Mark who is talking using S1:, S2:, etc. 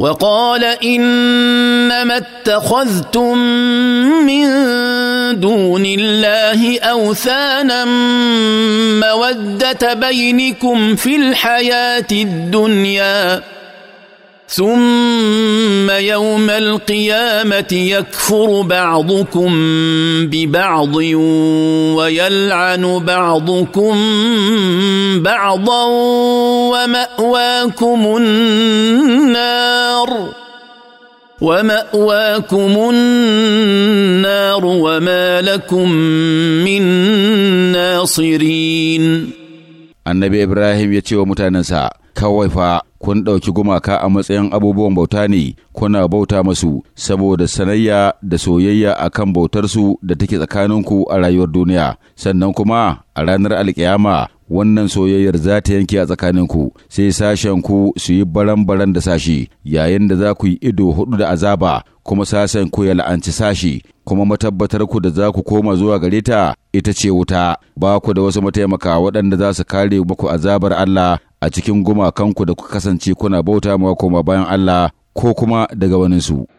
S1: وقال انما اتخذتم من دون الله اوثانا موده بينكم في الحياه الدنيا ثم يوم القيامه يكفر بعضكم ببعض ويلعن بعضكم بعضا وماواكم النار وماواكم النار وما لكم من ناصرين
S2: annabi ibrahim ya ce wa mutanensa kawai fa kun ɗauki gumaka a matsayin abubuwan bauta ne kuna bauta masu saboda sanayya da soyayya a kan bautarsu da take tsakaninku a rayuwar duniya sannan kuma a ranar alkiyama wannan soyayyar za ta yanke a tsakaninku sai sashen ku su yi baran-baran da sashi yayin da za ku yi ido hudu da azaba kuma sashen ku ya la'anci sashi kuma matabbatar ku da za ku koma zuwa gare ta ita ce wuta ba ku da wasu mataimaka waɗanda za su kare muku azabar Allah a cikin gumakanku da ku kasance kuna bauta ma koma bayan Allah ko kuma daga waninsu.